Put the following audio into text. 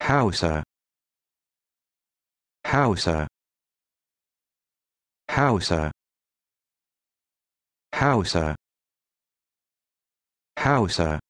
hausa hausa hausa hausa hausa